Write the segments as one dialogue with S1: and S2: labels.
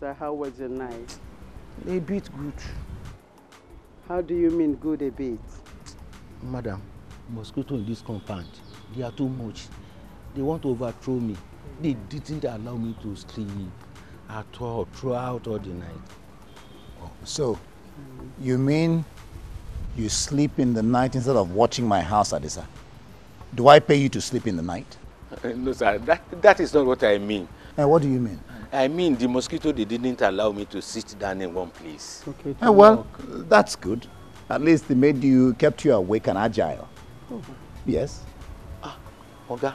S1: sir, how was your night?
S2: A bit good.
S1: How do you mean good a bit?
S2: Madam, mosquito in this compound, they are too much. They want to overthrow me. They didn't allow me to sleep at
S3: all throughout all the night. Oh, so, you mean you sleep in the night instead of watching my house, Adisa? Do I pay you to sleep in the night?
S2: Uh, no, sir. That, that is not what I mean.
S3: And what do you mean?
S2: I mean, the mosquito, they didn't allow me to sit down in one place.
S3: Okay, ah, well, that's good. At least they made you, kept you awake and agile. Oh. Yes.
S2: Ah, Oga.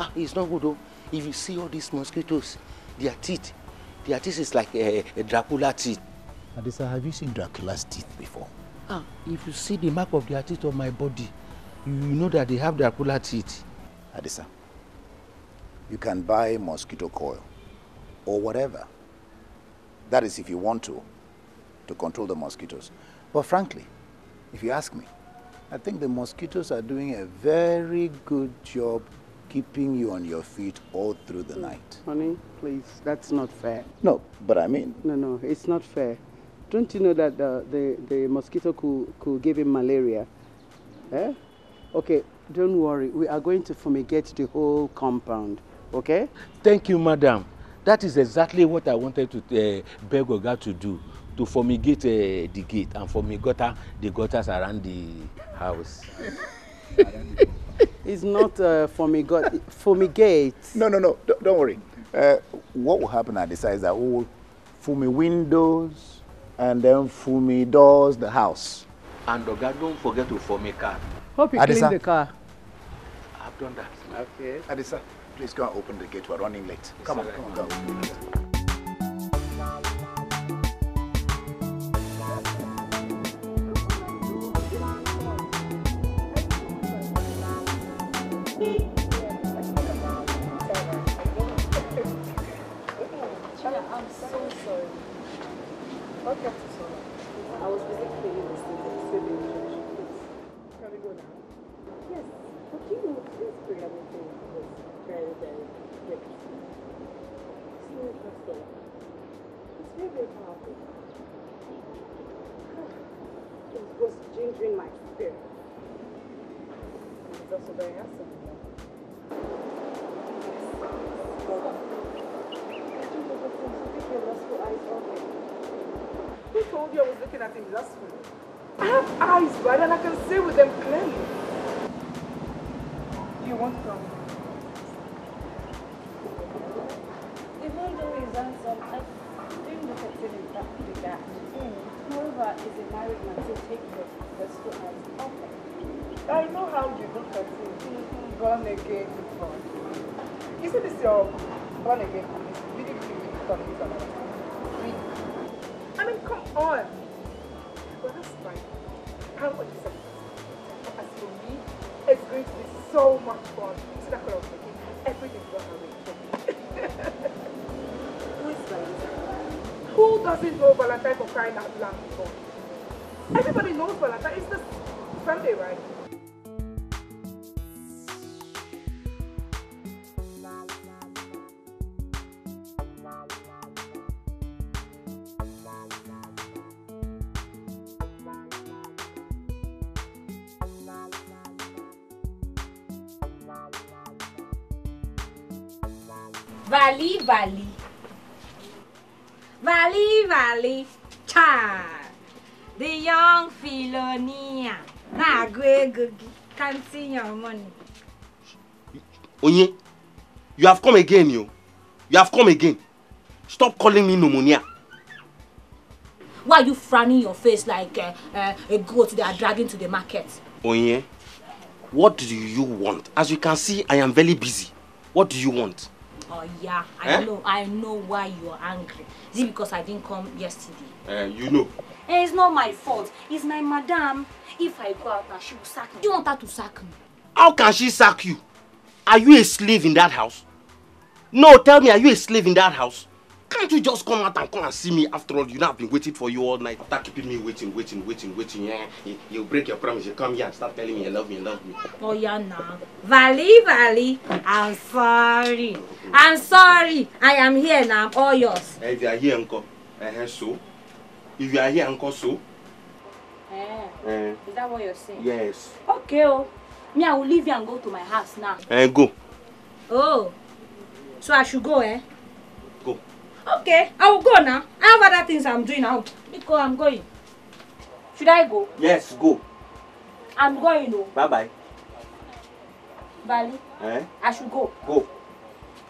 S2: Ah, it's not good though. If you see all these mosquitoes, their teeth, their teeth is like a, a Dracula teeth.
S3: Adisa, have you seen Dracula's teeth before? Ah, if you see the mark of their teeth on my body, you know that they have Dracula teeth. Adisa, you can buy mosquito coil or whatever. That is if you want to, to control the mosquitoes. But frankly, if you ask me, I think the mosquitoes are doing a very good job keeping you on your feet all through the night. Honey, please, that's not fair. No, but I mean...
S1: No, no, it's not fair. Don't you know that the, the, the mosquito could, could give him malaria? Eh? Okay, don't worry. We are going to fumigate the whole compound, okay? Thank
S2: you, madam. that
S1: is exactly what
S2: i wanted to uh, beg oga to do to fumigate uh, the gate and fumigata
S1: the gutters around the house. it's not uh, eh,
S3: fumigate. fumigate. no no no D don't worry uh, what will happen at the site is that we will fumi windows and then fumi doors the house. and oga don't forget to fumi car.
S1: hope you Adisa. clean the
S3: car. i've done that. okay. Adisa. Please go and open the gate. We're running late. Yes, come, on, come on, come on. Go.
S1: I'm so sorry. Okay. I was busy.
S4: papo.
S5: It's very powerful. It was ginger in my spirit. Mas eu sou bem é essa.
S4: Who told you I was looking at him last week?
S1: I have eyes, brother, and I can see with them clearly. Do you want to
S6: come?
S4: Vale,
S5: Vali Vali. Vali Vali Cha. The young Philonia. Na Gwegu can't see your money.
S2: Onye, you have come again, you. You have come again. Stop calling me pneumonia.
S5: Why are you frowning your face like uh, uh, a goat they are dragging to the market?
S2: Onye, what do you want? As you can see, I am very busy. What do you want?
S5: Oh yeah, I eh? know. I know why you are angry. Is it because I didn't come yesterday? Uh, you know. Eh, it's not my fault. It's my madam. If I go out now, she will sack me. Do you want her to sack me?
S2: How can she sack you? Are you a slave in that house? No, tell me, are you a slave in that house? Can't you just come out and come and see me? After all, you know I've been waiting for you all night. Start keeping me waiting, waiting, waiting, waiting. Yeah, you, you break your promise. You come here and start telling me you love me, you love me.
S5: Oh, yeah, now. Vali, Vali, I'm sorry. I'm sorry. I am here now. I'm all yours.
S2: Hey, eh, if you are here, Uncle. Uh-huh, so? If you are here, Uncle, so?
S5: Eh. Eh. Is that what you're saying? Yes. Okay, oh. Me, I will leave you and go to my house now. Eh, go. Oh. So I should go, eh? Okay, I will go now. I have other things I'm doing now. Biko, I'm going. Should I go?
S2: Yes, go.
S5: I'm going. Oh. Bye bye. Bali. Eh? I should go. Go.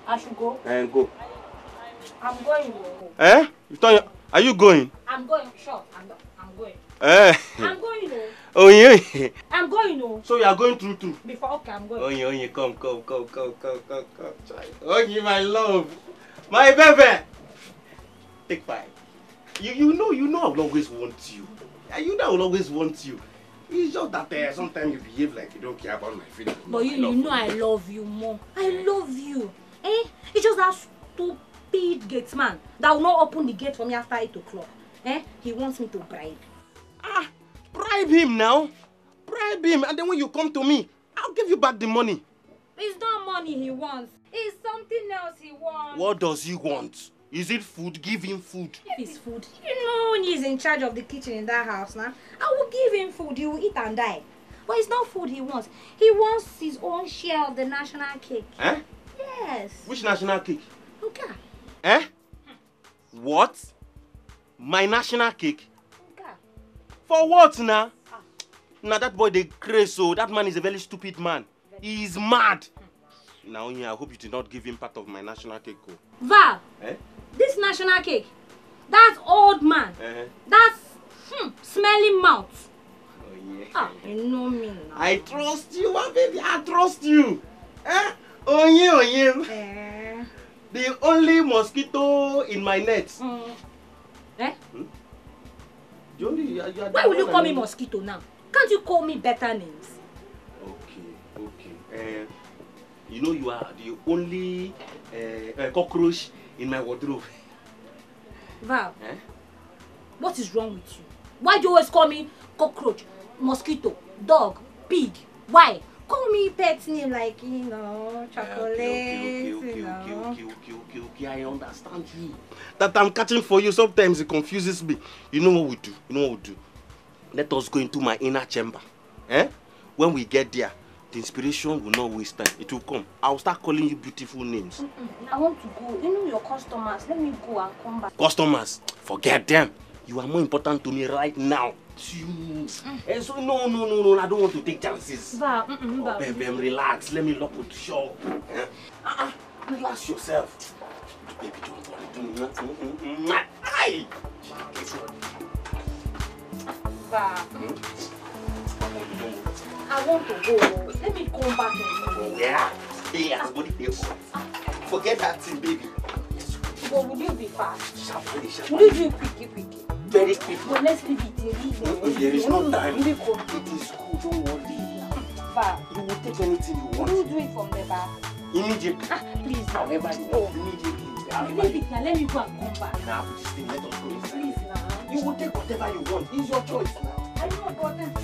S5: I should go. Eh, go. I'm going. Oh.
S2: Eh? You thought you... Are you going?
S5: I'm going. Sure, I'm, I'm going.
S2: Eh? I'm going. Oh. Oh yeah.
S5: I'm going oh. So you are going through too. Before, okay, I'm going. Oyin,
S2: oyin, come, come,
S1: come, come, come, come, come.
S2: Oyin, my love. My baby take five. You you know you know I will always want you. You know I will always want you. It's just that uh, sometimes you behave like you don't care about my feelings. But you, you know you. I
S5: love you more. I eh? love you. Eh? It's just that stupid gate man that will not open the gate for me after 8 o'clock. Eh? He wants me to bribe.
S2: Ah, bribe him now. Bribe him and then when you come to me, I'll give you back the money.
S5: It's not money he wants. It's something else he wants.
S2: What does he want? Is it food? Give him food.
S5: Give him food. You know he's in charge of the kitchen in that house now. I will give him food. He will eat and die. But it's not food he wants. He wants his own share of the national cake. Eh? Yes.
S2: Which national cake? Uga. Eh? What? My national cake? Uga. For what now? Ah. Now that boy the crazy that man is a very stupid man. he is mad. Hmm. Now, Now I hope you did not give him part of my national cake. Oh. Val! Eh?
S5: this national cake that old man uh -huh. that hmm, smelly mouth oh, yeah. ah you know me now. i trust
S2: you ah baby i trust you eh? Oh oyin oyin
S5: eh.
S2: the only mosquito in my net. Mm. Eh? Hmm? The only, why will you call me mosquito
S5: now can't you call me better names.
S2: okay okay uh, you know you are the only uh, uh, cockroach in my wardrobe.
S5: Val, eh? what is wrong with you? Why do you always call me cockroach, mosquito, dog, pig? Why? Call me pet name like, you
S6: know, chocolate, eh, okay, okay, okay, you okay, Okay, okay, okay, okay,
S2: okay, I understand you. That I'm catching for you, sometimes it confuses me. You know what we do? You know what we do? Let us go into my inner chamber. Eh? When we get there, The inspiration will not waste time. It will come. I will start calling you beautiful names.
S5: Mm-mm. I want to go. You know your customers. Let me go and come
S1: back.
S2: Customers, forget them. You are more important to me right now.
S1: Mm.
S2: And so no, no, no, no. I don't want to take chances.
S1: Ba, mm -mm, ba. Oh, baby,
S2: relax. Let me lock with shop. Eh? Uh-uh. Relax yourself. Baby, don't worry. Do not.
S4: Mm -mm. Ay! Mm,
S5: mm. Ba. Mm?
S4: Don't worry.
S5: I want to go. Let me come back and Yeah,
S2: stay as body there. Forget that thing, baby. But will you be fast?
S5: Sharp, really Will you do it quickly, quickly? Very quickly. Well, let's leave it there. there is no time. It is cool, don't worry. Ba. You will take anything you want. you do it from the
S2: back? Immediately. Ah, please. However, you want. immediately. Leave
S5: now. Let me go and come
S2: back. Now, this let us go inside. Please, now. You will take whatever you want. It's your choice now.
S5: I know, but then.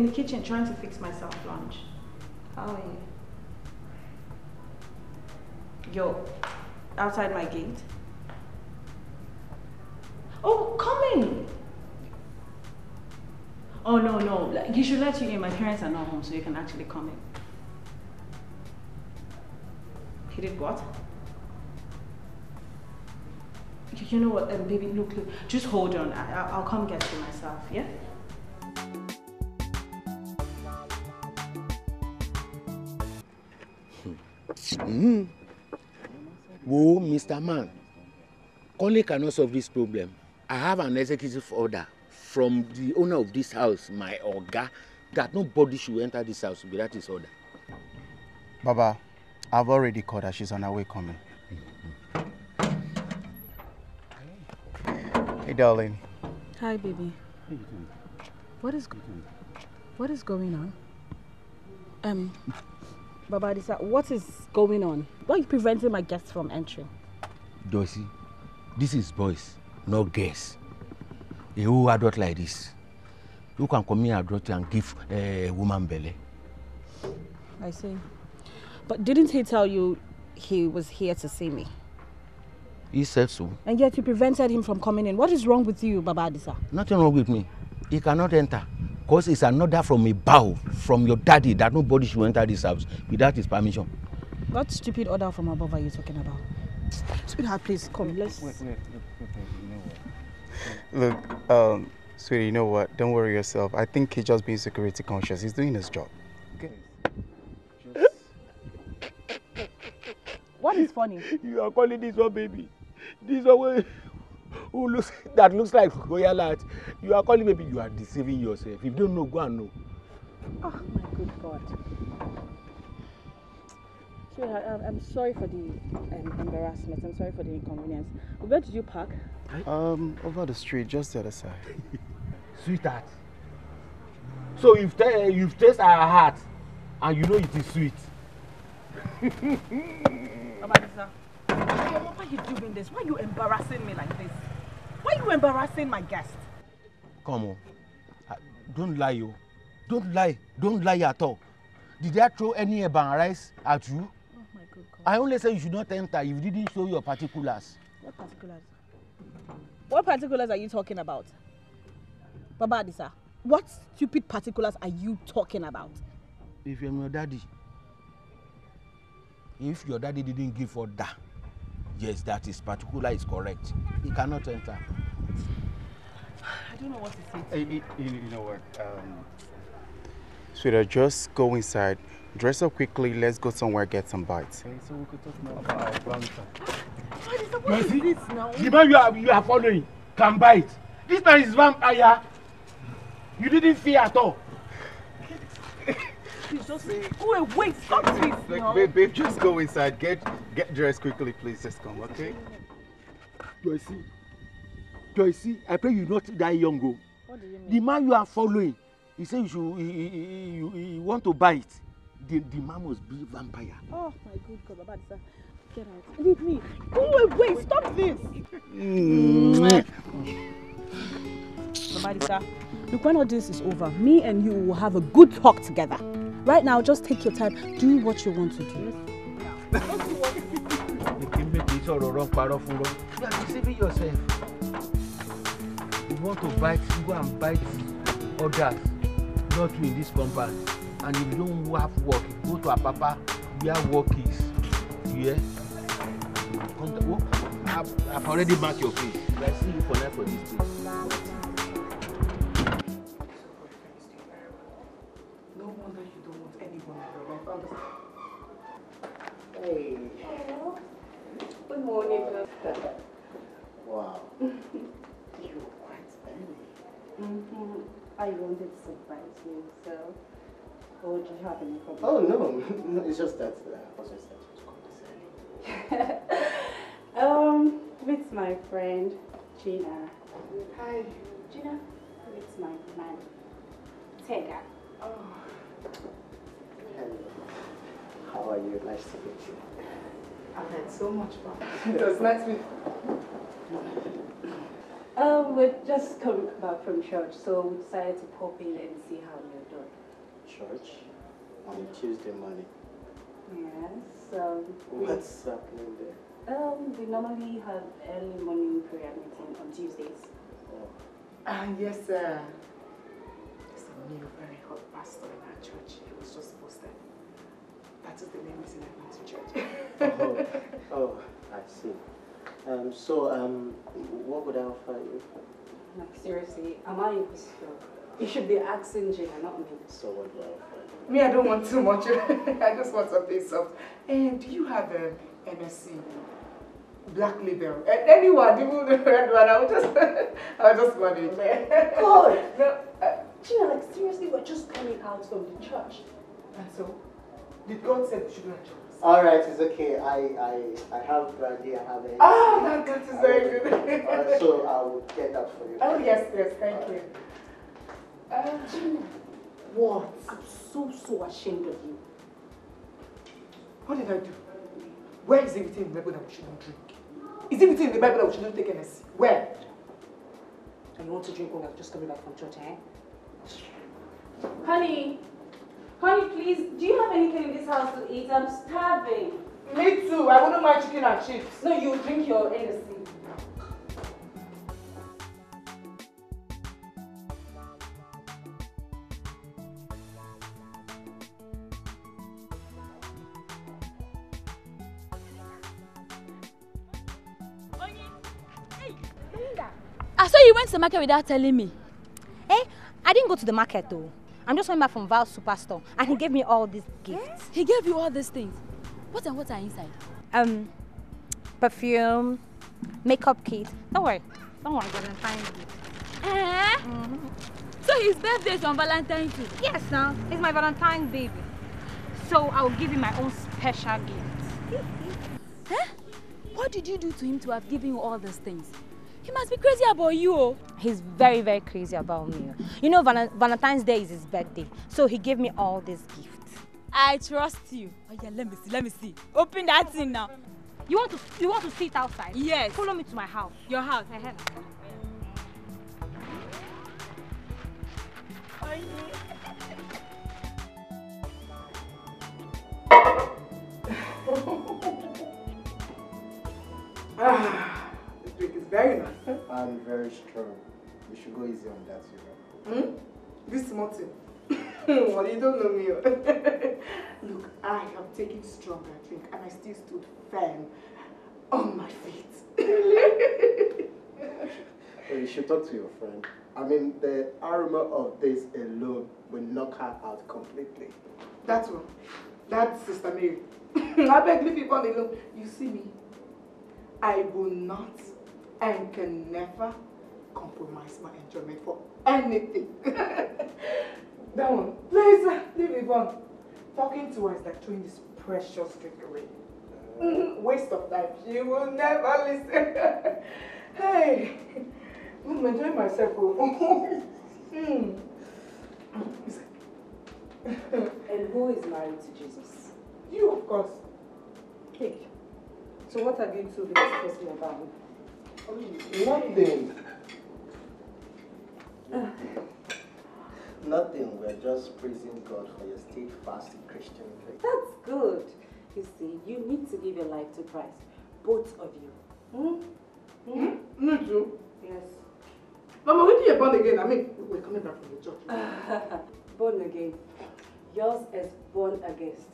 S5: in the kitchen trying to fix myself lunch. How are you? Yo, outside my gate. Oh, come in. Oh, no, no. You should let you in. My parents are not home, so you can actually come in. He did what? You know what, um, baby, look, look, just hold on. I, I'll come get you myself, yeah?
S2: Mm. Mm-hmm. Whoa, Mr. Man, Conley cannot solve this problem. I have an executive order from the owner of this house, my Oga, that nobody should enter this house without his order.
S7: Baba, I've already called her. She's on her way coming. Mm-hmm. Hey, darling.
S5: Hi, baby. What is, what is going on? Um, Babadisa, what is going on? Why are you preventing my guests from entering?
S2: Joycey, this is boys, not girls. A whole adult like this. Who can come here adult and give eh, a woman belly.
S5: I see. But didn't he tell you he was here to see me? He said so. And yet you prevented him from coming in. What is wrong with you, Babadisa?
S2: Nothing wrong with me. He cannot enter. because it's another order from above from your daddy that nobody should enter this house without his permission.
S5: What stupid order from above are you talking about? Sweetheart, please come. Let's. Wait,
S7: wait, wait, wait, wait. Look, um, sweetie, you know what? Don't worry yourself. I think he's just being security conscious. He's doing his job.
S6: Okay. Just...
S2: What is funny? You are calling this one baby. This one who looks that looks like koyala you are calling Maybe you are deceiving yourself if you don't know go and know.
S5: oh my good god sure I, i'm sorry for the um, embarrassment i'm sorry for the inconvenience where did you park.
S7: Um, over the street just the other side. sweetheart
S2: so you've, uh, you've tasted our heart and you know it is sweet.
S5: Mama Lisa, why are you doing this? Why are you embarrassing me like this? Why are you embarrassing my guest?
S2: Come on. Ah, don't lie, yo. Don't lie. Don't lie at all. Did I throw any Eba rice at you? Oh
S5: my good God. I
S2: only said you should not enter if you didn't show your particulars.
S5: What particulars? What particulars are you talking about? Baba Adisa, what stupid particulars are you talking about?
S2: If you're my daddy, if your daddy didn't give order, Yes, that is particular is correct. He cannot enter.
S7: I don't know what to say. You, you, you know what? Um, Sweetheart, just go inside. Dress up quickly. Let's go somewhere, get some bites. Okay, so we could talk more about our plans. What is, the, what is this now? The man you are, you are following
S2: can bite. This man is vampire. You didn't fear at all
S6: just wait, wait, stop this. Like, no. babe,
S7: babe, just go inside. Get get dressed quickly, please. Just come, okay? Joyce,
S2: Joyce, I pray you not die young girl. Oh. What do you mean? The man you are following, he say you should, he, he, he, you, he want to buy it. The, the man must be vampire.
S6: Oh my good
S5: God, Baba, sir. Get out. Leave me. Go away. Wait, stop this. Mm. Baba, sir. Look, when all this is over, me and you will have a good talk together. Right now, just take your time. Do what you want to do.
S2: You are deceiving yourself. You want to bite, you go and bite others, not you in this compound. And if you don't have work, go to papa where work is. Yeah? Oh, I've already marked your face. I see you for life for this place.
S4: Hey.
S6: Hello.
S5: Good morning.
S4: wow.
S1: you were quite early. Mm-hmm. I wanted to surprise you, so what would you have any problem? Oh,
S4: no. it's just that uh, I was just
S8: that was um, with my friend, Gina. Hi. Gina. With my man, Tega.
S1: Nice to meet you.
S8: I've had so much fun. it was nice meeting um, we're just coming back from church, so we decided to pop in and see how you're doing. Church? On a Tuesday morning? Yes. Um,
S4: What's we, happening there?
S8: Um, we normally have early morning prayer meeting on Tuesdays. Oh.
S4: Uh, yes, sir. Uh, There's a new, very hot pastor in our church. He was just that is the main reason I went to church. oh, oh, I see. Um, so, um, what would I
S8: offer you? Like, seriously, am I your You should be asking Gina, not me. So what I
S1: offer
S8: Me, I don't want too much. I just want something soft. And do you
S4: have an um, MSc? black label. And eh, anyone, even the red one, I'll
S1: just, I'll just manage.
S8: God! no, uh, Gina, like seriously, we're just
S4: coming out from the church. And so? Did God said we should
S1: All right, it's
S4: okay. I I, I have brandy. I have. Energy. Ah,
S7: that, that is very good. uh, so I will
S5: get that for you. Oh yes, yes, thank you.
S4: Right. Uh, what? I'm so so ashamed of you. What did I do? Where is everything in the Bible that we shouldn't drink? Is it in the Bible that we shouldn't take NSC? Where?
S8: And you want to drink when I'm just coming back from church, eh?
S5: Honey. Honey, please, do you have anything in this house to eat? I'm starving.
S8: Me too. I wouldn't mind chicken and chips. No, you drink your Hennessy.
S5: I saw you went to the market without telling me. Eh, I didn't go to the market though. I'm just coming back from Val's superstore and he gave me all these gifts. He gave you all these things? What and what are inside? Um, perfume, makeup kit. Don't worry. Don't worry, I'm find it. Eh? Mm -hmm. So his birthday is on Valentine's Day? Yes, now. It's my Valentine's baby. So I will give him my own special gift. eh? What did you do to him to have given you all these things? He must be crazy about you. He's very, very crazy about me. You know, Valentine's Day is his birthday. So he gave me all these gifts. I trust you. Oh yeah, let me see, let me see. Open that thing now. You want to you want to sit outside? Yes. Follow me to my house. Your house? Uh
S1: -huh. ah. drink is very nice. And
S4: very strong. We should go easy on that, you know. Hmm? This Martin. well, you don't know me. Look, I have taken stronger drink and I still stood firm on my feet. well, you should talk to your friend. I mean, the aroma of this alone will knock her out completely. That one. That's Sister Mary. I beg leave people alone. You see me? I will not and can never compromise my enjoyment for anything. that one, please leave it one. Talking to her is like throwing this precious drink away. Mm, waste of time. She will never listen. hey, I'm enjoying myself. Oh. Hmm.
S8: and who is married to Jesus? You, of course. Hey. So what have you two been discussing about? Nothing.
S4: Nothing. We're just praising God for your steadfast Christian faith. That's good. You see, you need
S8: to give your life to Christ. Both of you.
S1: Hmm? Hmm? Me hmm? too.
S8: Yes. Mama, when you're born again, I mean, we're coming back from the church. born again. Yours is born against.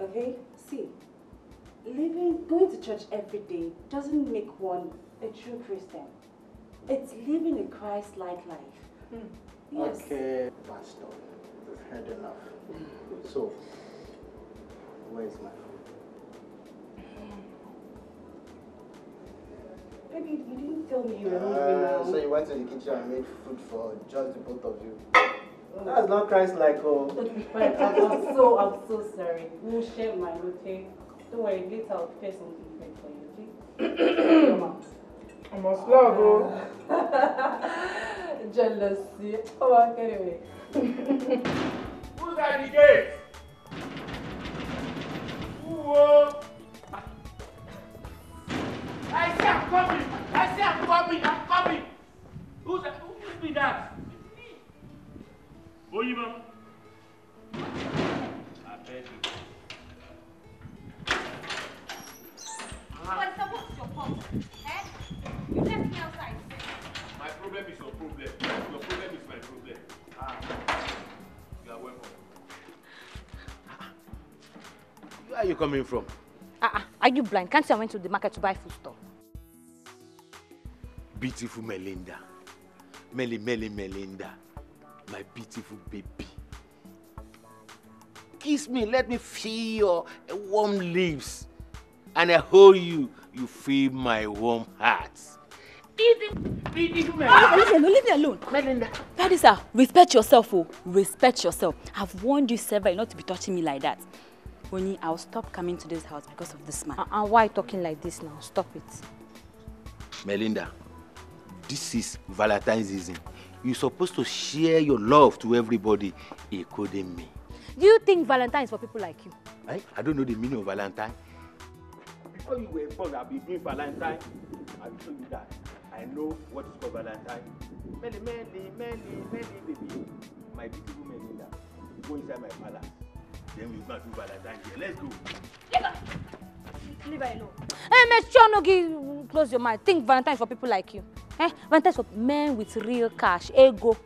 S8: Okay? See,
S5: living, going to church every day doesn't make one a true Christian. It's living a Christ-like life. Mm.
S4: Yes. Okay, Pastor, we've had enough. So, where is my food?
S5: Baby, you didn't tell me you were hungry ah, So you went
S4: to the kitchen and made food for just the both of you. Oh. That's not Christ-like,
S7: oh.
S8: but I'm, I'm so, I'm so sorry. We'll share mine, okay? Don't worry, later I'll pay something for you, okay?
S7: I must love you.
S8: Oh. Jealousy. Oh, I can't wait.
S2: Who's at the gate? Whoa. Oh? I see I'm coming. I say I'm coming. I'm coming. Who's that? Who be that? Oyima. I beg you. What's your problem? Where are you coming from?
S5: Ah, uh, uh, are you blind? Can't you I went to the market to buy food stuff?
S2: Beautiful Melinda. Meli, Meli, Melinda. My beautiful baby. Kiss me. Let me feel your warm lips. And I hold you. You feel my warm heart.
S5: Ah, leave
S7: me alone,
S5: leave me alone. Melinda. Daddy, respect yourself, oh. Respect yourself. I've warned you several not to be touching me like that ó ní stop coming to this house because of this man. and uh, uh-uh, uh, why talking like this now stop it.
S2: Melinda this is Valentine's season You're supposed to share your love to everybody including me.
S5: do you think valentine is for people like you.
S2: I, eh? i don't know the meaning of valentine. before you were born I'll be doing valentine i be show you that i know what is called valentine. Melly, Melly, Melly, many baby my beautiful Melinda go inside my palace then we go do here. Let's go.
S7: Leave her alone.
S5: Hey, make sure no close your mind. Think Valentine for people like you. Eh? Valentine for men with real cash, ego.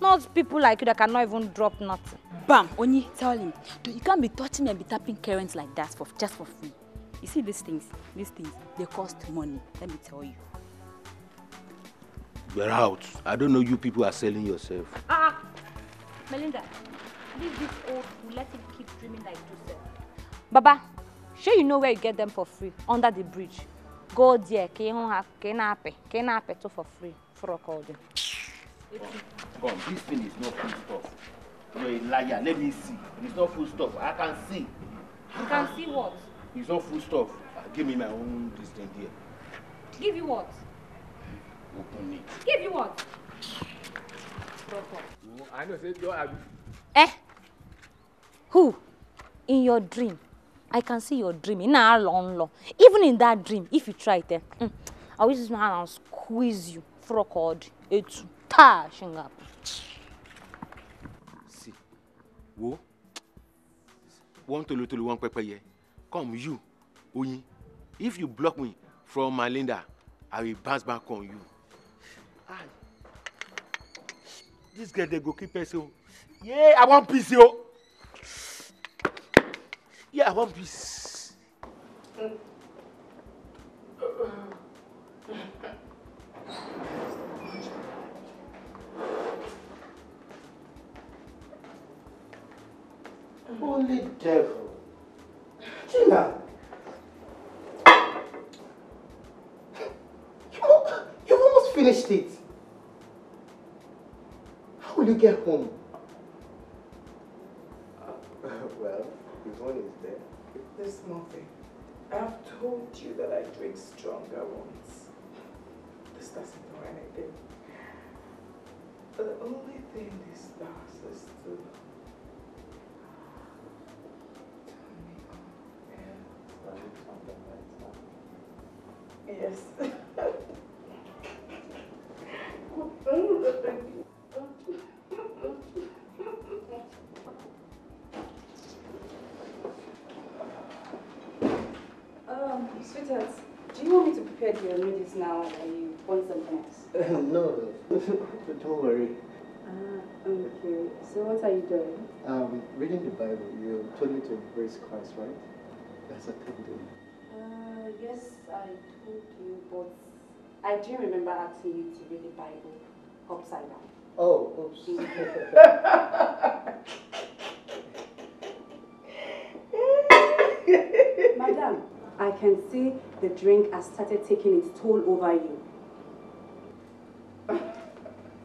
S5: Not people like you that cannot even drop nothing. Bam! Oni, tell him. Dude, you can't be touching and be tapping currents like that for just for free. You see these things, these things, they cost money. Let me tell you.
S2: We're out. I don't know you people are selling yourself.
S5: Ah, ah. Melinda, leave this old Let him you that you do sell? Baba, sure you know where you get them for free? Under the bridge. Go there, can Can you have? Kenape, Kenape, to for free. For a call them.
S2: Come, this thing is not food stuff. You're a liar. Let me see. It's not food stuff. I can see.
S5: You can see what?
S2: It's not food stuff. Ah, give me my own this thing there. Give you what? Open
S5: it. Give you what? Drop
S2: I know, say, you are.
S5: Eh? Who? in your dream i can see your dream In ina long nlo even in that dream if you try it eh mm, i will use my hand and squeeze you frog cord etu taa shinga.
S2: see wo one tolotolo one pẹ́pẹ́yẹ come you oyin if you block me from my linda i will bounce back on you. Ay. this girl dey go kill person o yeah i wan peace o. Yeah, I want
S4: Holy devil. Gina. You, you've almost finished it. How will you get home?
S7: this morning. I've told you that I drink stronger ones. This doesn't do anything. But the only thing this does is to
S6: turn me on. Yes.
S8: doing this now and you want something else?
S4: no, don't worry.
S8: Ah, okay. So what are you doing?
S4: Um, reading the Bible. You told me to embrace Christ, right? That's what I'm doing.
S8: Uh, yes, I told you, but I do remember asking you to read the Bible upside down.
S1: Oh, oops. Mm.
S8: Madam, I can see the drink has started taking its toll over you.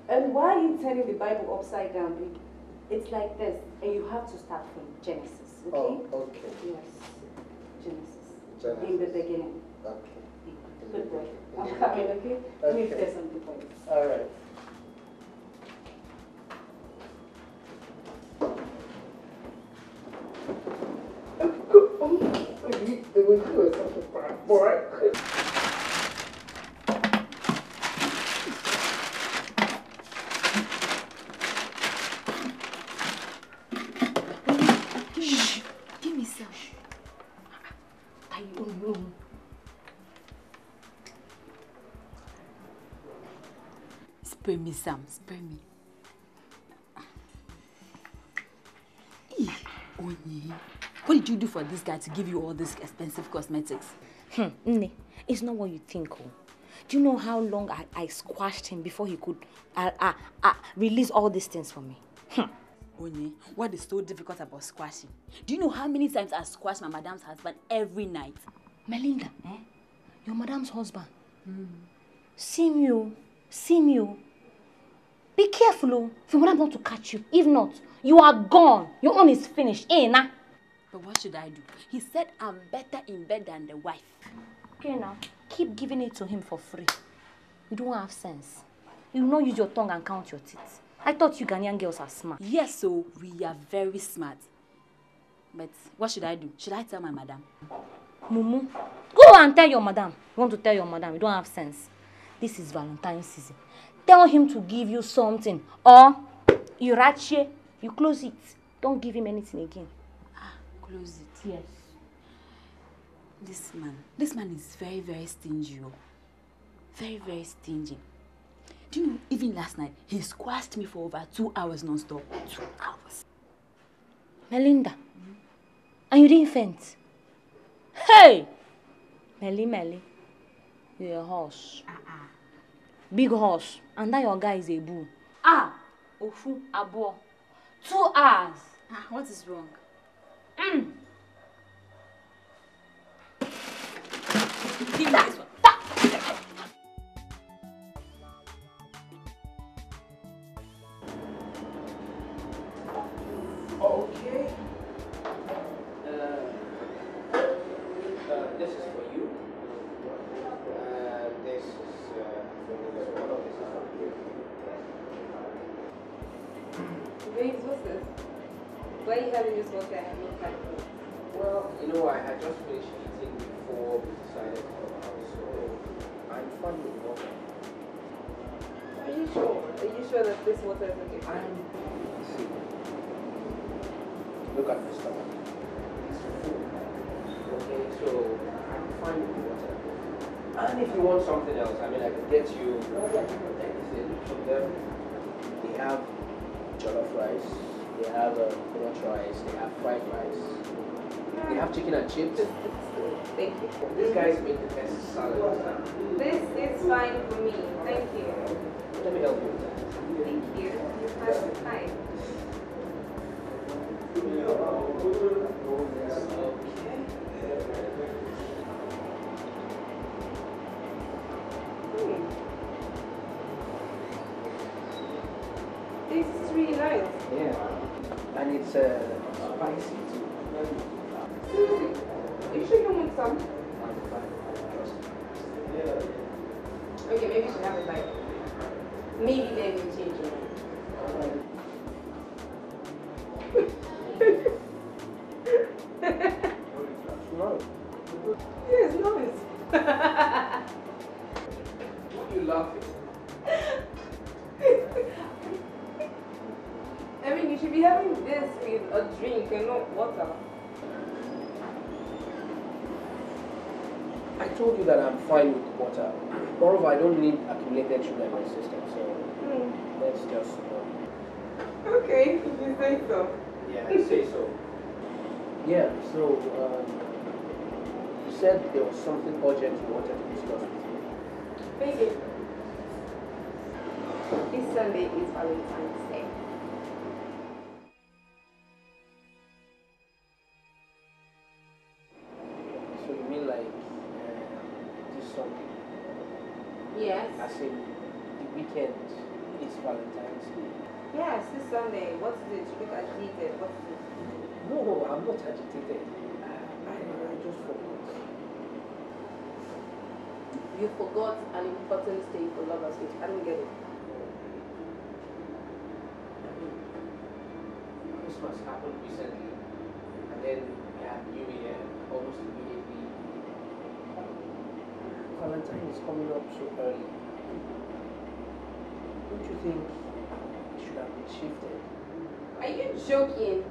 S8: and why are you turning the Bible upside down, It's like this, and you have to start from Genesis, okay? Oh, okay. Yes, Genesis. Genesis. In
S1: the beginning. Okay. Good boy. I'm coming, okay? okay. Let me say something for you.
S7: All right. they will do a sacrifice for
S5: it. Spare me, some. Spare me. for this guy to give you all these expensive cosmetics? Hmm, it's not what you think. Oh. Do you know how long I, I squashed him before he could uh, uh, uh, release all these things for me? Hmm. Onye, what is so difficult about squashing? Do you know how many times I squash my madam's husband every night? Melinda, eh? your madam's husband. Hmm. See you, oh. See you. Oh. Be careful, oh, if you want not to catch you. If not, you are gone. Your own is finished, eh, nah? But what should I do? He said I'm better in bed than the wife. Okay now, keep giving it to him for free. You don't have sense. You will not use your tongue and count your teeth. I thought you Ghanaian girls are smart. Yes, so we are very smart. But what should I do? Should I tell my madam? Mumu, go and tell your madam. You want to tell your madam? You don't have sense. This is Valentine's season. Tell him to give you something or you ratchet, you close it. Don't give him anything again close it. Yes. This man, this man is very, very stingy. Oh. Very, very stingy. Do you know, even last night, he squashed me for over two hours non-stop. Two hours. Melinda. Mm -hmm. And you didn't faint? Hey! Melly, Melly, You're a horse. Uh-uh. Big horse. And that your guy is a bull. Ah! Ofu, abo. Two hours. Ah, what is wrong? 你
S8: Yeah. And it's uh, spicy too. are you sure you want some? Okay, maybe you should have it like.
S5: Maybe then you change it.
S4: water to
S8: this Sunday is Valentine's. You forgot an important thing for lovers, which I don't get it. Christmas happened
S4: recently, and then we had New Year almost immediately. Valentine is coming up so early. Don't you think it should have been shifted?
S5: Are you joking?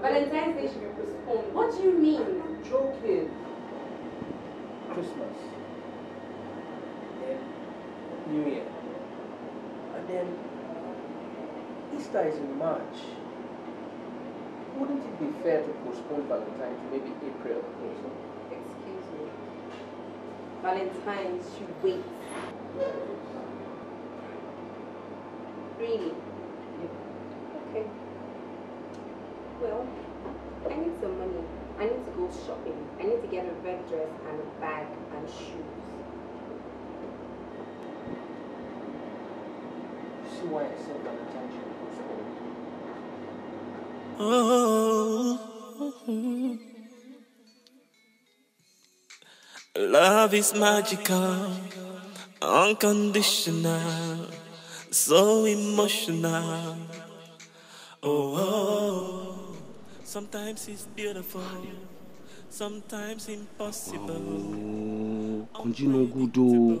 S5: Valentine's Day should be postponed. What do you mean? I'm joking. Christmas.
S4: New Year. And then Easter is in March. Wouldn't it be fair to postpone Valentine to maybe April or so? Excuse me.
S8: Valentine should wait. Really? Okay. Well, I need some money. I need to go shopping. I need to get a red dress
S5: and a bag and shoes.
S1: why I said
S6: was Oh. Love is magical, unconditional, so emotional. Oh, oh. sometimes it's beautiful, sometimes impossible.
S2: Wow. Oh, continue good.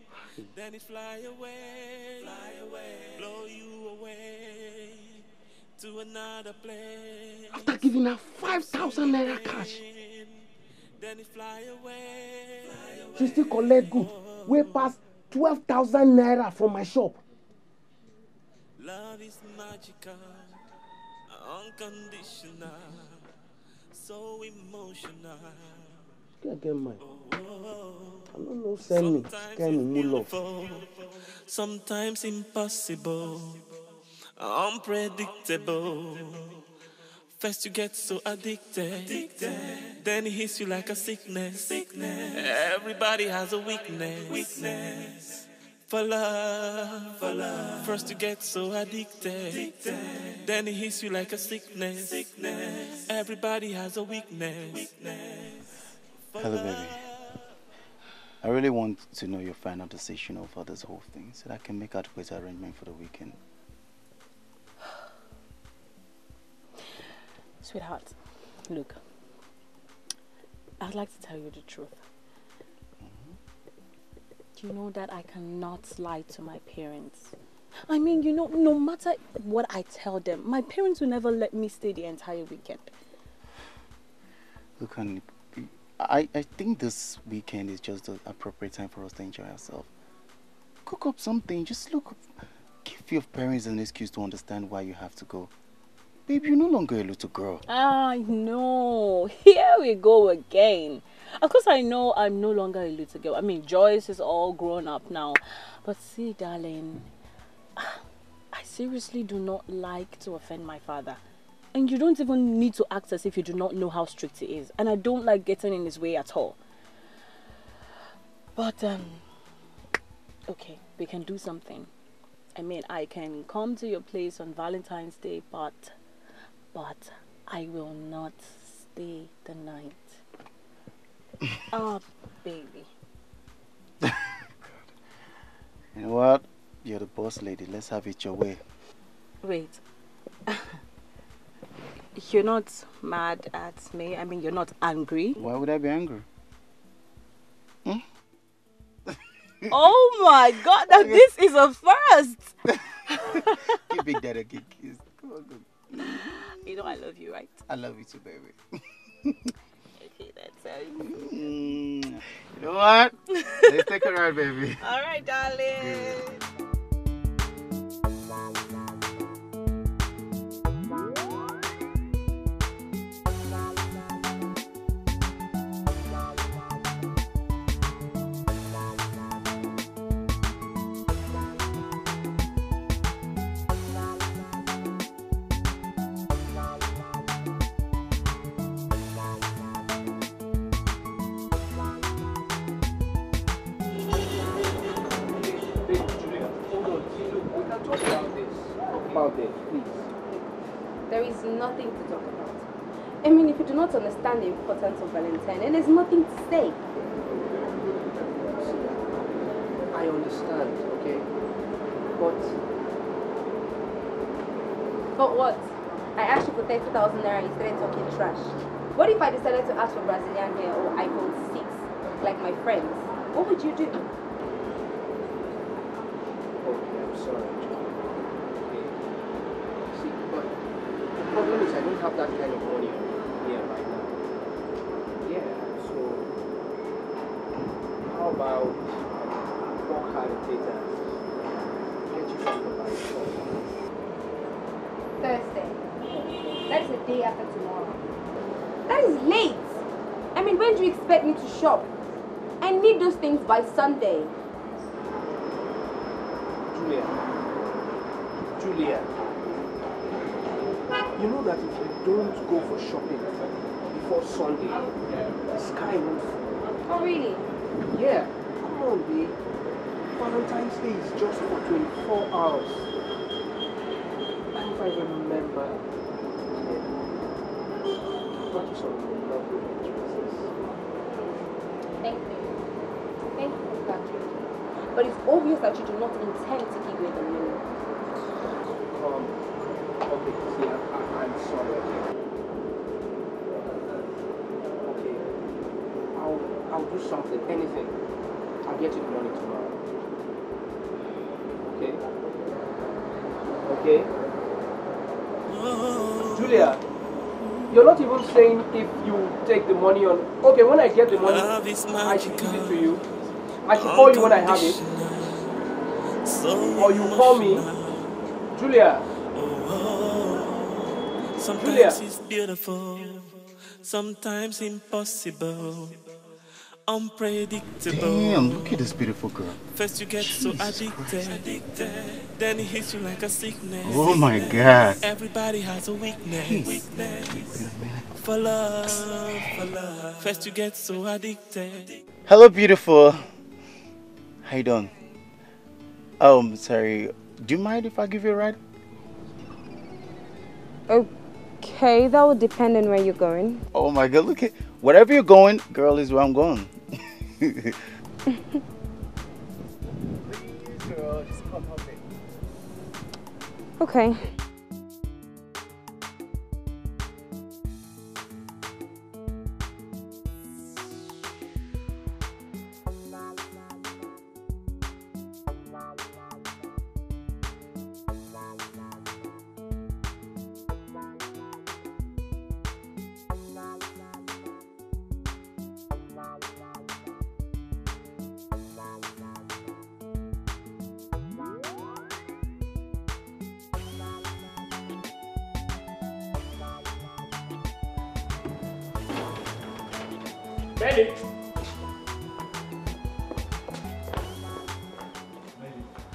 S6: Cause then it fly away, fly away, blow you away to another place.
S2: After giving her 5,000 naira cash, then it fly away, fly away. She still collect good, way past 12,000 naira from my shop.
S6: Love is magical, unconditional, so emotional. Can't get mine. No, no, send me. Send me new love. Sometimes impossible, unpredictable. First you get so addicted, addicted. then it hits you like a sickness. sickness. Everybody has a weakness. weakness. For love. For love, first you get so addicted, addicted. then it hits you like a sickness. sickness. Everybody has a weakness. weakness. Hello, baby.
S7: I really want to know your final decision over this whole thing so that I can make with arrangement for the weekend.
S5: Sweetheart, look, I'd like to tell you the truth. Mm -hmm. You know that I cannot lie to my parents. I mean, you know, no matter what I tell them, my parents will never let me stay the entire
S7: weekend. Look, honey, I, I think this weekend is just the appropriate time for us to enjoy ourselves. Cook up something, just look, give your parents an excuse to understand why you have to go. Babe, you're no longer a little girl.
S5: I know. Here we go again. Of course, I know I'm no longer a little girl. I mean, Joyce is all grown up now. But see, darling, I seriously do not like to offend my father. And you don't even need to act as if you do not know how strict he is. And I don't like getting in his way at all. But, um, okay, we can do something. I mean, I can come to your place on Valentine's Day, but, but I will not stay the night. oh, baby.
S7: You know what? You're the boss lady. Let's have it your way.
S5: Wait. You're not mad at me. I mean, you're not angry.
S7: Why would I be angry?
S5: Hmm? oh my god, now this is a first!
S7: Give Big Daddy a kiss. Come
S1: on, You know I love you, right?
S7: I love you too, baby. okay, that's you mm, You know what? Let's take a ride, baby.
S5: Alright, darling.
S7: Yeah.
S8: nothing to talk about. I mean, if you do not understand the importance of Valentine, then there's nothing to say. I understand, okay? But... But what? I asked you for 30,000 naira, you started talking trash. What if I decided to ask for Brazilian hair or iPhone 6, like my friends? What would you do?
S4: have that kind of money here right now. Yeah, so how about work hard at get you from the yourself?
S8: Thursday. That is the day after tomorrow.
S5: That is late. I mean, when do you expect me to shop? I need those things by Sunday.
S4: Julia. Julia. You know that if you don't go for shopping before Sunday, the sky won't fall. Oh, really? Yeah. Come on, babe. Valentine's Day is just for 24 hours. And if I remember, yeah,
S8: thank you so much
S5: Thank you. Thank you for that.
S8: But it's obvious that you do not intend to give me the money. Um, okay, see. Okay.
S4: I'll, I'll do something, anything. I'll get you the money tomorrow. Okay? Okay? Julia, you're not even saying if you take the money on. Okay, when I get the money, I should
S6: give it to you. I should call you when I have it. Or you call me. Julia, Sometimes it's beautiful, sometimes impossible, unpredictable. Damn, look at this beautiful girl. First you get Jesus so addicted, addicted, then it hits you like a sickness. Oh my God. Everybody has a weakness. Jeez. weakness. For love, for
S7: love. First you get so addicted. Hello, beautiful. How you doing? Oh, I'm um, sorry. Do you mind if I give you a ride?
S8: Oh, Okay, that would depend on where you're going.
S7: Oh my god, look at wherever you're going, girl is where I'm going. Please, girl,
S5: okay.
S2: Bẹ́ẹ̀ni.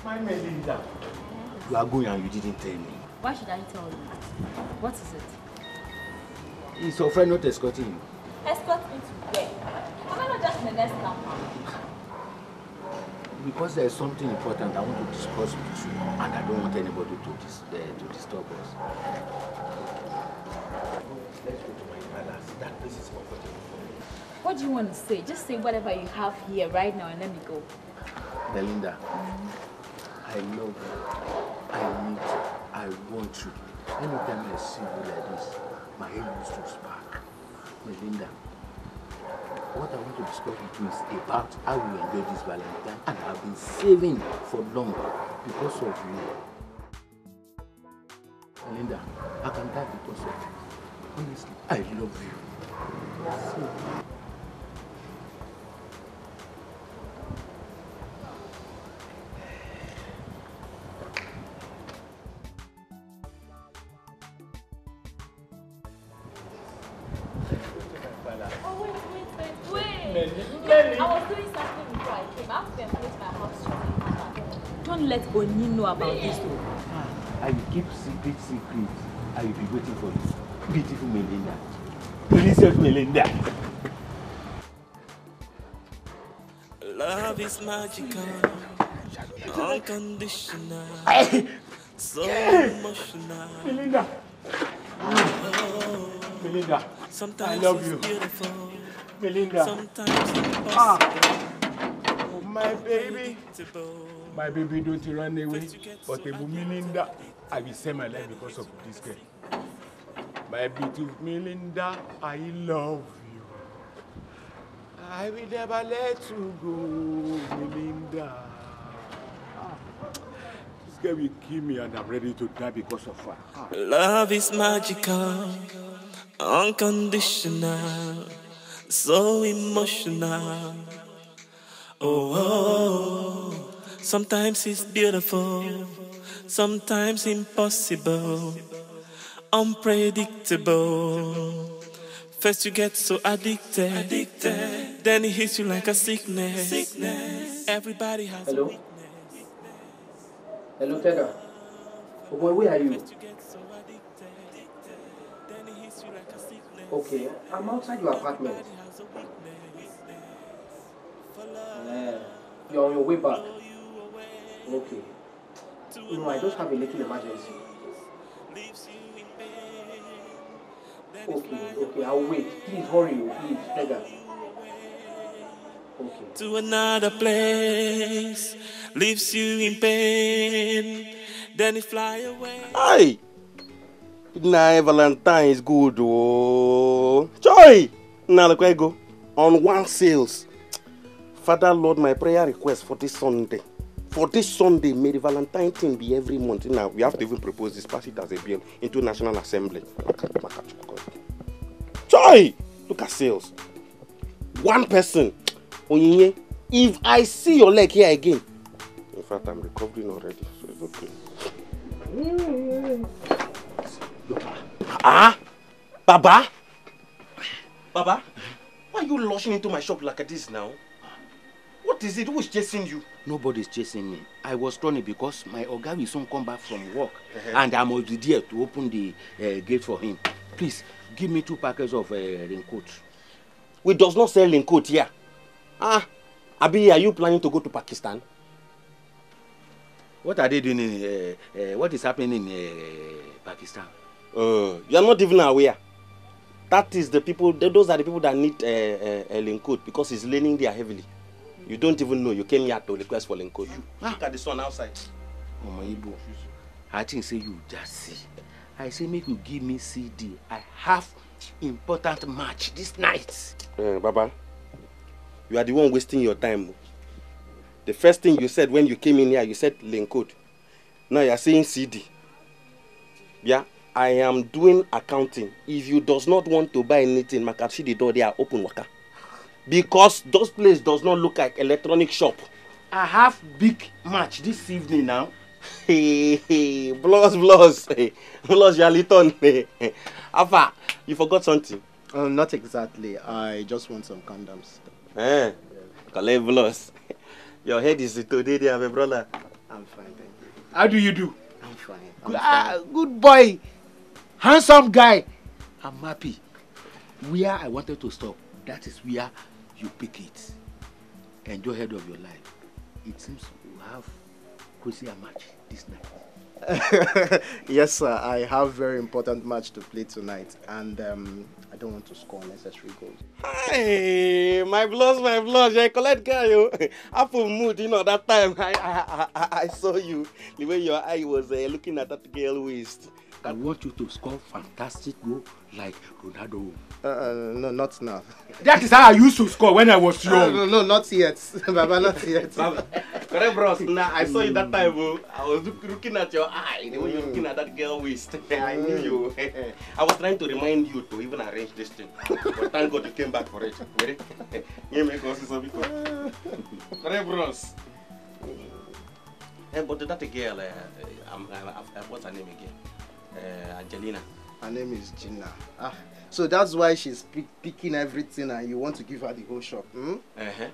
S2: My Melinda. You are going and you didn't tell me.
S5: Why should I tell you? What is it?
S2: Is your friend not escorting you?
S5: Escort me to where? Am I not just in the next compound?
S2: Because there is something important I want to discuss with you, and I don't want anybody to, dis uh, to disturb us. Let's go to my palace. That place is comfortable for me.
S5: What do you want to say? Just say whatever you have here right now and let me go. Belinda, mm -hmm.
S2: I love you. I need you. I want you. Anytime I see you like this, my head
S7: wants to spark.
S2: Belinda, what I want to discuss with you is about how we enjoy this Valentine and I've been saving for long because of you. Belinda, I can die because of you. Honestly, I love you. So,
S5: know about this one.
S2: I will keep secret secret. I will be waiting for you. Beautiful
S6: Melinda. Delicious Melinda. Love is magical, unconditional, so emotional. Melinda. Melinda. Sometimes I love you. Beautiful. Melinda. Sometimes ah. impossible. Ah. my baby.
S2: My baby don't run away, but baby Melinda, I will save my life because of this girl. My beautiful Melinda, I love you. I will never let
S6: you go, Melinda.
S2: This girl will kill me and I'm ready to die because of her. Love
S6: is magical, unconditional, so emotional oh, oh. sometimes it's beautiful, sometimes impossible, unpredictable. First you get so addicted, addicted. then it hits you like a sickness. sickness. Everybody has Hello? Weakness. Hello, Tega. Oh boy, where are you?
S4: Okay, I'm outside your apartment. Eh, you're on your way back. Okay. No, I just have a little emergency.
S6: Okay, okay, I'll wait. Please hurry, please, beggar. Okay. To another place, leaves you in pain, then it fly away. Nah,
S2: na valentine's good oh. joy na lekwa go. on one sales Father Lord, my prayer request for this Sunday. For this Sunday, may the Valentine thing be every month. Now we have to even propose this, pass it as a bill into National Assembly. Joy! Look at sales. One person. Onyinye, if I see your leg here again. In fact, I'm recovering already, so it's okay. Ah, Baba? Baba, why are you lushing into my shop like this now? What is it? Who is chasing you? Nobody is chasing me. I was running because my Oga will soon come back from work uh -huh. and I'm already there to open the uh, gate for him. Please, give me two packets of uh, raincoat. We does not sell raincoat here. Ah, Abi, are you planning to go to Pakistan? What are they doing in, uh, uh, what is happening in uh, Pakistan? Uh, you are not even aware. That is the people, those are the people that need uh, uh, a uh, raincoat because it's raining there heavily. You don't even know you came here to request for Lenkoju. Ah. Look at the sun outside. Mama Ibo, I think say you just see. I say make you give me CD. I have important match this night. Uh, Baba, you are the one wasting your time. The first thing you said when you came in here, you said Lenkod. Now you are saying CD. Yeah, I am doing accounting. If you does not want to buy anything, Makashidi door, there open worker because those place does not look like electronic shop. I have big match this evening now. Hey, hey, bloss, your little. Hey. Alpha, you forgot something.
S4: Um, not exactly. I just want some condoms.
S2: Eh, yeah. collect Your head is today, there, my brother. I'm fine,
S4: thank you. How do you
S2: do? I'm fine. I'm good, fine. Uh, good boy, handsome guy. I'm happy. Where I wanted to stop, that is where you pick it
S4: enjoy head of your life
S2: it seems you have crazy match this
S4: night. yes sir i have very important match to play tonight and um, i don't want to score unnecessary goals.
S2: hi my blood my blood you collect guy o apple mood you know that time i i i, I saw you the way your eye was uh, looking at that girl waist. I want you to score fantastic goal like Ronaldo. Uh, uh, no, not now.
S6: That is how I used to
S2: score when I was young. Uh, no, no, not yet.
S4: Baba, not yet.
S2: Correct, bros. Now, I saw you that time, bro. Oh. I was looking at your eye, the way you mm. looking at that girl waist. I mm. knew you. I was trying to remind you to even arrange this thing. But thank God you came back for it. Ready? Correct, bros. Hey, eh, but that girl, uh, I'm, I'm, I'm, what's her name again? uh, Angelina. Her name is Gina.
S4: Ah, so that's why she's pick, picking everything and you want to give her the whole shop. Hmm? Uh-huh.
S2: Eh, eh.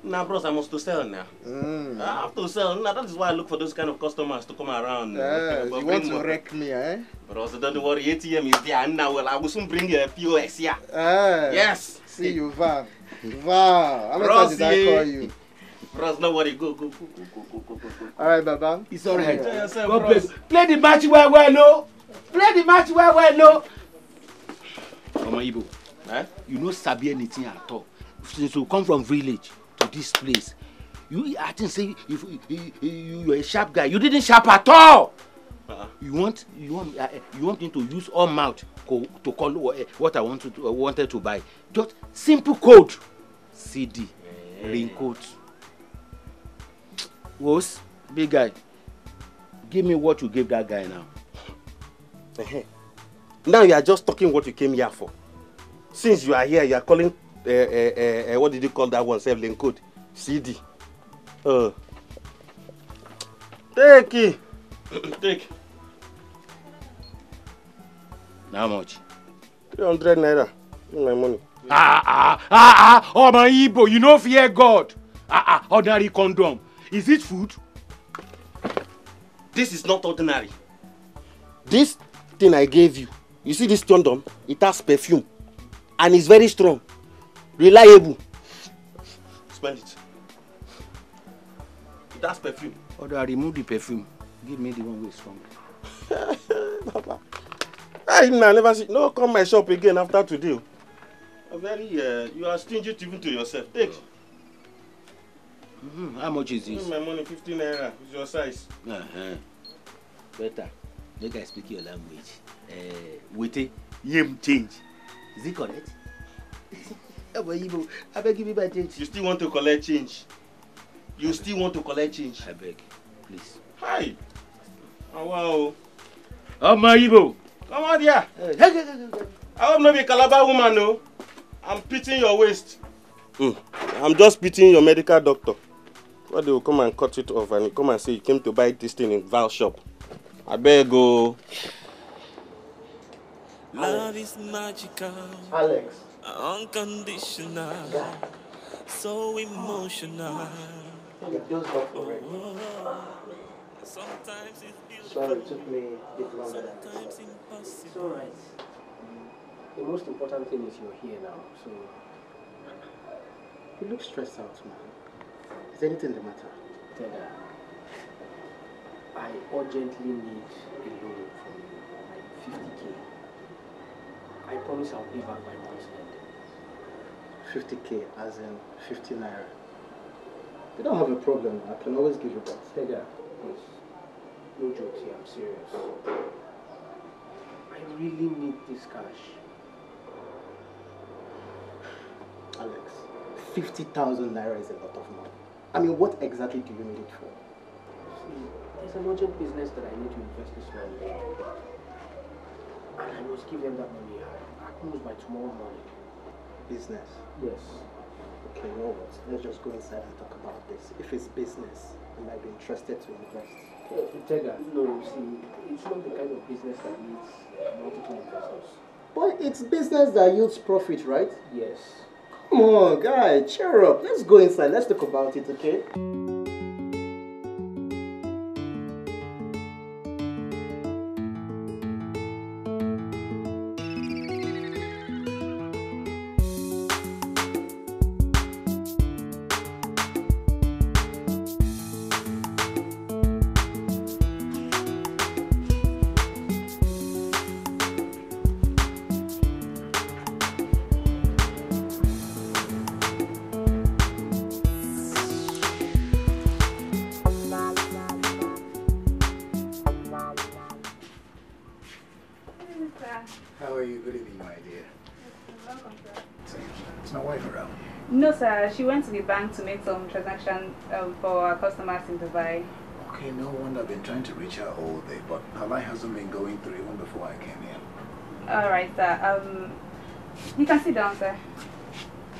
S2: Now, bros, I must to sell now. Mm. I have to sell now. That is why I look for those kind of customers to come around. Yeah, you want to more. wreck me, eh? Bros, don't worry, ATM is there and now. Well, I will soon bring you a POS here.
S4: Yeah. Ah. yes. See you, Van. Van, how many times did I call you? Bros, no worry. Go, go, go, go, go, go, go, All right, Baba. It's all right. Enjoy yourself, God bros.
S2: Play. play the match well, well, no? play the match well well no. ọmọ ibo eh? you no sabi anything at all since you come from village to this place you i think say if you you, you you a sharp guy you didn't sharp at all. Uh-huh. you want you want uh, you want him to use all mouth co to call uh, what i want to uh, wanted to buy just simple code cd eh. ring code. wos big guy give me what you gave that guy now now you are just talking what you came here for since you are here you are calling uh, uh, uh, what did you call that one sef code cd uh. take it take how much. three hundred naira no my money. ah ah ah ah Oh my Igbo you know fear God ah ah ordinary condom is it food. this is not ordinary this thing I gave you. You see this condom? It has perfume and it's very strong, reliable. Smell it. It has perfume. Oda, remove the perfume. Give me the one with strong. Papa, I never see. No come my shop again after today. Oh. very, uh, you are stingy even to yourself. Take. Mm -hmm. How much is this? my money, 15 naira. It's your size. Uh -huh. Better make I speak your language uh, eh, wetin yam change is it correct? Ebo Yibo abeg give me my change. You still want to collect change? You still want to collect change? Abeg please. Hi! Awa ah, o. Ọmọ Yibo. Come out here. Eh, I hope no be Calabar woman o. I'm pitting your waist. Mm. I'm just pitting your medical doctor. Why they will come and cut it off and he come and say you came to buy this thing in Val shop. I beg go.
S6: Love is magical. Alex. Unconditional. So emotional. Oh, sometimes it's beautiful. Sorry, it took me a bit longer. Sometimes impossible. It's alright. The most
S4: important thing is you're here now, so you look stressed out, man. Is anything the matter? I urgently need a loan from you, like 50k. I promise I'll pay back by month's end. 50k, as in 50 naira. You don't have a problem, I can always give you back. Stay there. Please. No jokes here, I'm serious. I really need this cash. Alex, 50,000 naira is a lot of money. I mean, what exactly do you need it for? See, there's an urgent business that I need to invest this money in. And I must give them that money. I, I close by tomorrow morning. Business? Yes. Okay, no Let's just go inside and talk about this. If it's business, I might be interested to invest. Tega, no, you see, it's not the kind of business that needs multiple investors. But it's business that yields profit, right? Yes. Come on, guy, cheer up. Let's go inside. Let's talk about it, okay?
S8: she went to the bank to make some transaction um, for our customers in Dubai.
S3: Okay, no wonder I've been trying to reach her all day, but her line hasn't been going through even before I came here. All
S8: right, sir. Um, you can sit down, sir.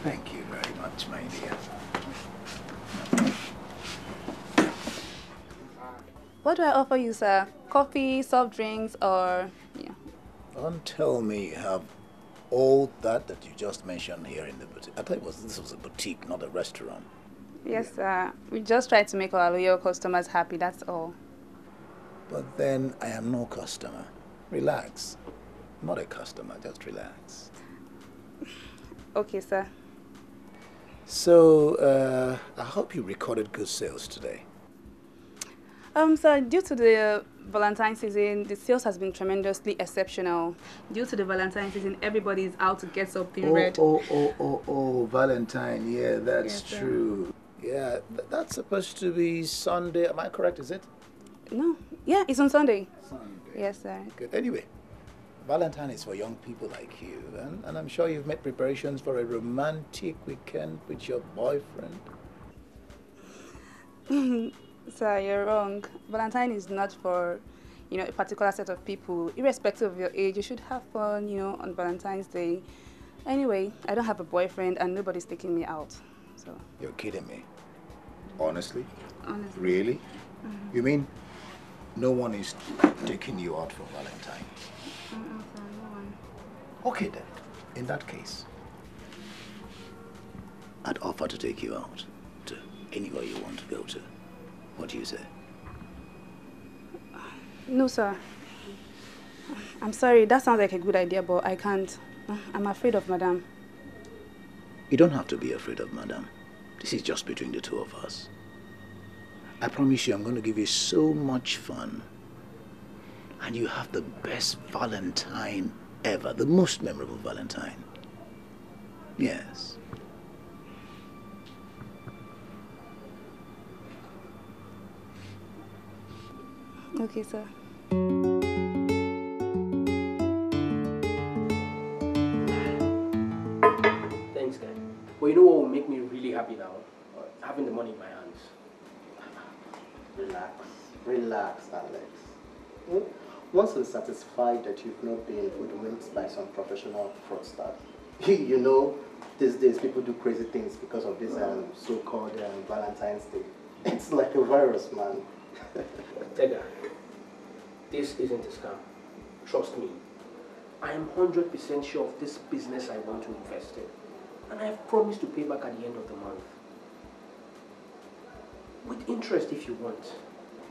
S3: Thank you very much, my dear.
S8: What do I offer you, sir? Coffee, soft drinks, or... Yeah.
S3: Don't tell me you have all that that you just mentioned here in the boutique. I thought it was this was a boutique, not a restaurant.
S8: Yes, sir. Uh, we just try to make our loyal customers happy, that's all.
S3: But then I am no customer. Relax. I'm not a customer, just relax. okay, sir. So, uh, I hope you recorded good sales today.
S8: Um, so due to the Valentine season, the sales has been tremendously exceptional. Due to the Valentine season, everybody is out to get something oh, red.
S3: Oh, oh, oh, oh, Valentine. Yeah, that's yes, true. Yeah, that's supposed to be Sunday. Am I correct? Is it?
S8: No. Yeah, it's on Sunday. Sunday. Yes, sir.
S3: Good. Anyway, Valentine is for young people like you, and, and I'm sure you've made preparations for a romantic weekend with your boyfriend.
S8: Sir, you're wrong. Valentine is not for, you know, a particular set of people. Irrespective of your age, you should have fun, you know, on Valentine's Day. Anyway, I don't have a boyfriend and nobody's taking me out,
S3: so. You're kidding me. Honestly? Honestly. Really? Mm -hmm. You mean no one is taking you out for Valentine?
S1: sir, no one. Okay then,
S3: in that case, I'd offer to take you out to anywhere you want to go to. What do you say?
S8: No, sir. I'm sorry, that sounds like a good idea, but I can't. I'm afraid of madame.
S3: You don't have to be afraid of madame. This is just between the two of us. I promise you, I'm going to give you so much fun. And you have the best Valentine ever, the most memorable Valentine. Yes.
S8: Okay, sir.
S4: Thanks, guy. Well, you know what will make me really happy now? Uh, having the money in my hands. Relax. Relax, Alex. Hmm? Once you're satisfied that you've not been hoodwinked by some professional fraudster, you know, these days people do crazy things because of this um, so-called um, Valentine's Day. It's like a virus, man. Tega, this isn't a scam. Trust me. I am 100% sure of this business I want to invest in. And I have promised to pay back at the end of the month. With interest if you want.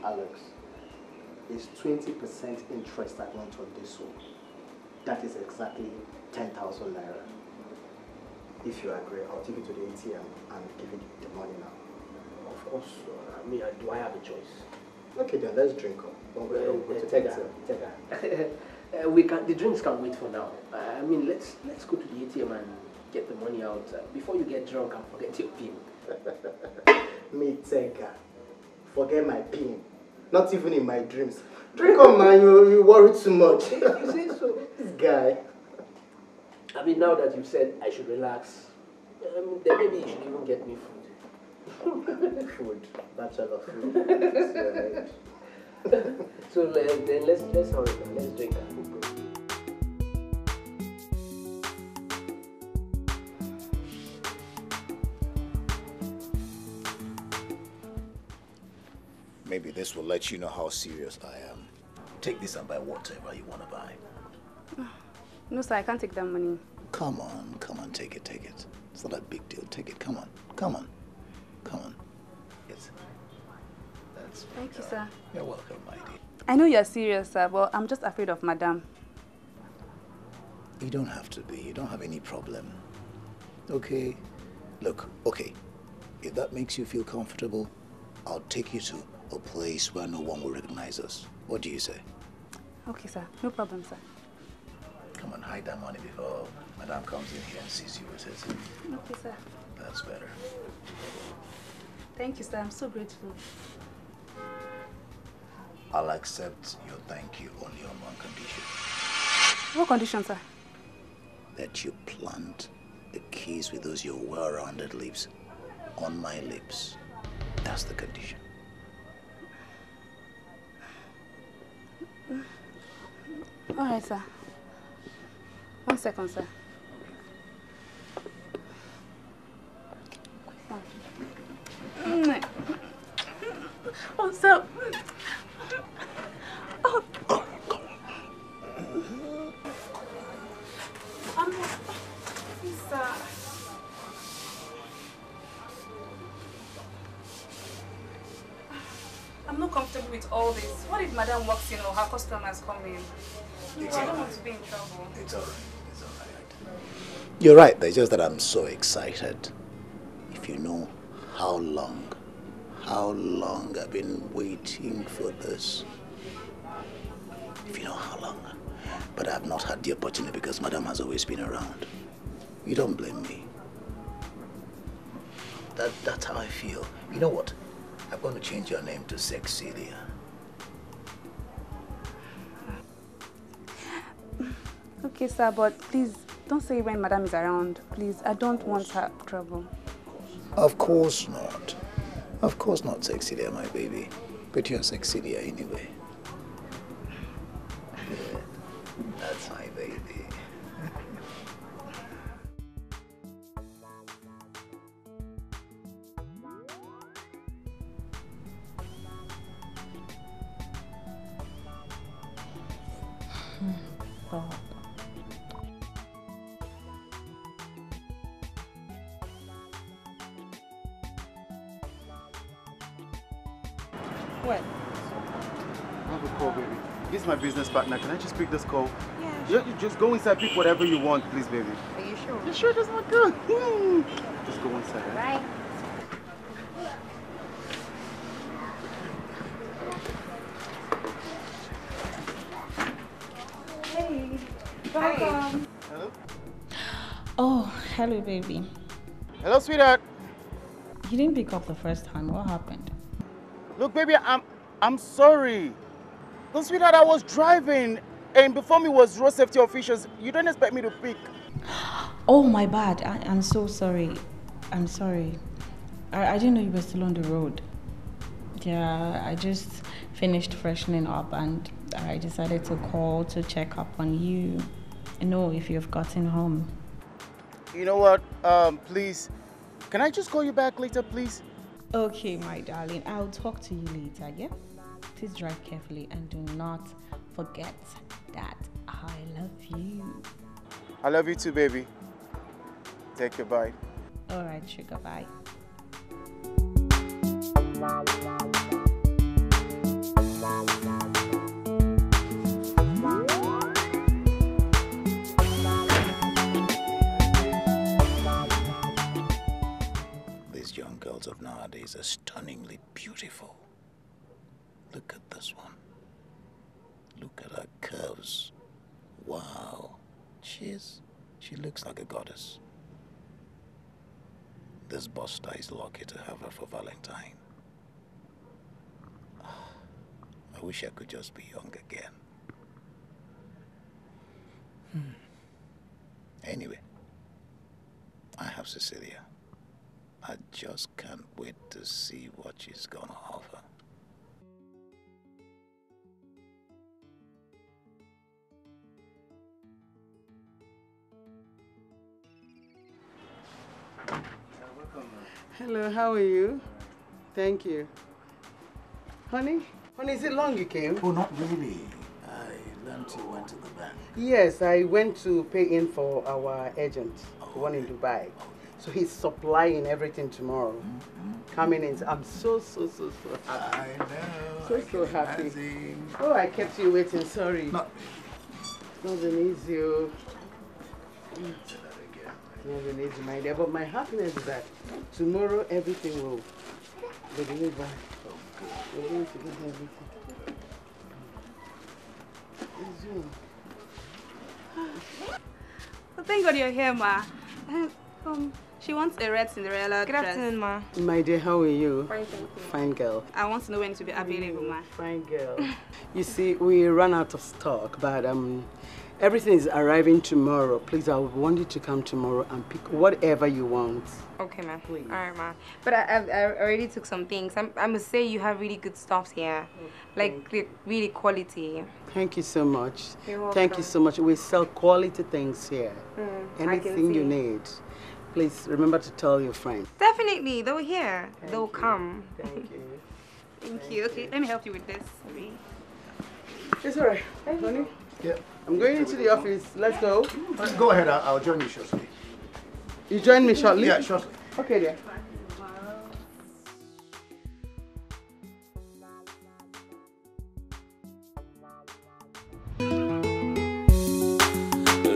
S4: Alex, it's 20% interest I want on this one. That is exactly 10,000 naira. If you agree, I'll take it to the ATM and give it the money now. Of course, uh, I mean, do I have a choice? Okay then, let's drink up not Uh, we can the drinks can wait for now. Uh, I mean, let's let's go to the ATM and get the money out uh, before you get drunk and forget your pin. Me tega, forget my pin. Not even in my dreams. Drink on, man. You you worry too much. you say so. This guy. I mean, now that you said I should relax, um, then maybe you should even get me food. food, bachelor
S8: food.
S4: so let, then let's let's hold Let's drink
S3: Maybe this will let you know how serious I am. Take this and buy whatever you want to buy.
S8: No, sir, I can't take that money.
S3: Come on, come on, take it, take it. It's not a big deal. Take it. Come on, come on, come on.
S8: Thank you, sir.
S3: You're welcome, my dear.
S8: I know you're serious, sir, but I'm just afraid of Madame.
S3: You don't have to be. You don't have any problem. Okay? Look, okay. If that makes you feel comfortable, I'll take you to a place where no one will recognize us. What do you say?
S8: Okay, sir. No problem, sir.
S3: Come on, hide that money before Madame comes in here and sees you with it. Okay, sir. That's better.
S8: Thank you, sir. I'm so grateful.
S3: I'll accept your thank you only on one condition.
S8: What condition, sir?
S3: That you plant the keys with those your well-rounded lips on my lips. That's the condition.
S8: All right, sir. One second, sir. What's up? with all this. What if Madame walks in or her customers come in? You I don't want to be in trouble.
S3: It's all right. It's all right. You're right. It's just that I'm so excited. If you know how long, how long I've been waiting for this. If you know how long. But I've not had the opportunity because Madame has always been around. You don't blame me. That, that's how I feel. You know what? I'm going to change your name to Sexilia.
S8: Okay, sir, but please don't say when Madame is around. Please, I don't want her trouble.
S3: Of course not. Of course not, Sexilia, my baby. But you're Sexilia anyway.
S7: Just go inside, pick whatever you want, please, baby. Are you sure? Your shirt doesn't look good. Hmm. Just go inside. All right. Hey. Welcome. Hello. Oh, hello, baby. Hello, sweetheart. You didn't pick up the first time. What happened? Look, baby, I'm I'm sorry. Don't, sweetheart, I was driving and before me was road safety officials. You don't expect me to pick.
S5: Oh, my bad. I, am so sorry. I'm sorry. I, I didn't know you were still on the road. Yeah, I just finished freshening up and I decided to call to check up on you. And know if you've gotten home.
S7: You know what? Um, please, can I just call you back later, please? Okay, my darling. I'll talk to you later, yeah? Please drive carefully and do not forget that
S5: I love you.
S7: I love you too, baby.
S6: Take your bite.
S5: All right, sugar, bye.
S3: These young girls of nowadays are stunningly beautiful. Look at this one. Look at her curves. Wow. She's, she looks like a goddess. This buster is lucky to have her for Valentine. I wish I could just be young again. Hmm. Anyway, I have Cecilia. I just can't wait to see what she's gonna offer.
S1: Hello, how are you? Thank you. Honey? Honey, is it long you came? Oh, not really.
S3: I learned you went to the bank.
S1: Yes, I went to pay in for our agent, oh, the one in Dubai. So he's supplying everything tomorrow. Mm -hmm. Coming in. I'm so, so, so, so happy. I
S6: know.
S1: So, I so happy. Imagine. Oh, I kept you waiting. Sorry. Not really. not an easy my dear. But my happiness is that tomorrow everything will be delivered. Oh, good. We're going to get everything. you.
S8: Well, thank God you're here, Ma. Um, um, she wants a red Cinderella Good dress. afternoon, Ma.
S1: My dear, how are you? Fine, thank you. Fine girl.
S8: I want to know when it will be available, Ma. Fine girl.
S1: you see, we ran out of stock, but um, Everything is arriving tomorrow. Please, I would want you to come tomorrow and pick whatever you want.
S8: Okay, ma'am. Please. All right, right, ma'am. But I, I, I already took some things. I'm, I must say you have really good stuff here. Like, really quality.
S1: Thank you so much. You're welcome. Thank you so much. We sell quality things here.
S8: Mm, Anything you
S1: need. Please, remember to tell your friends.
S8: Definitely. They'll hear. Thank They'll you. come. Thank you. Thank, Thank you. you. Okay, let me help you with this.
S1: It's all right. Thank Honey. You. Yep. I'm going into the office. Let's go. Go ahead. I'll, I'll join you shortly. You join me shortly? Yeah, shortly. Okay, dear.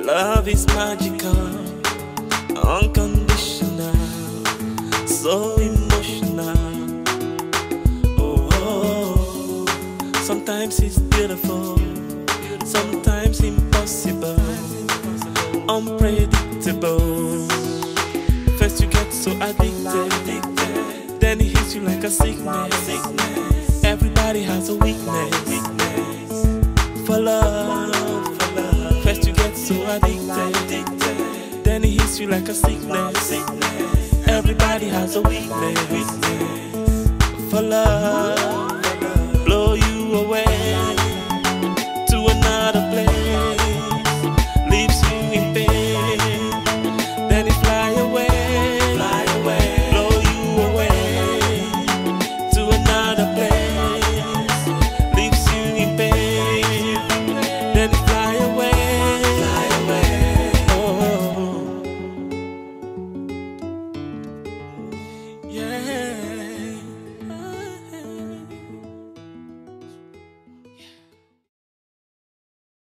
S6: Love is magical, unconditional, so emotional. Oh, oh, oh. sometimes it's beautiful sometimes impossible, unpredictable. First you get so addicted, then it hits you like a sickness. Everybody has a weakness for love. First you get so addicted, then it hits you like a sickness. Everybody has a weakness for love, blow you away.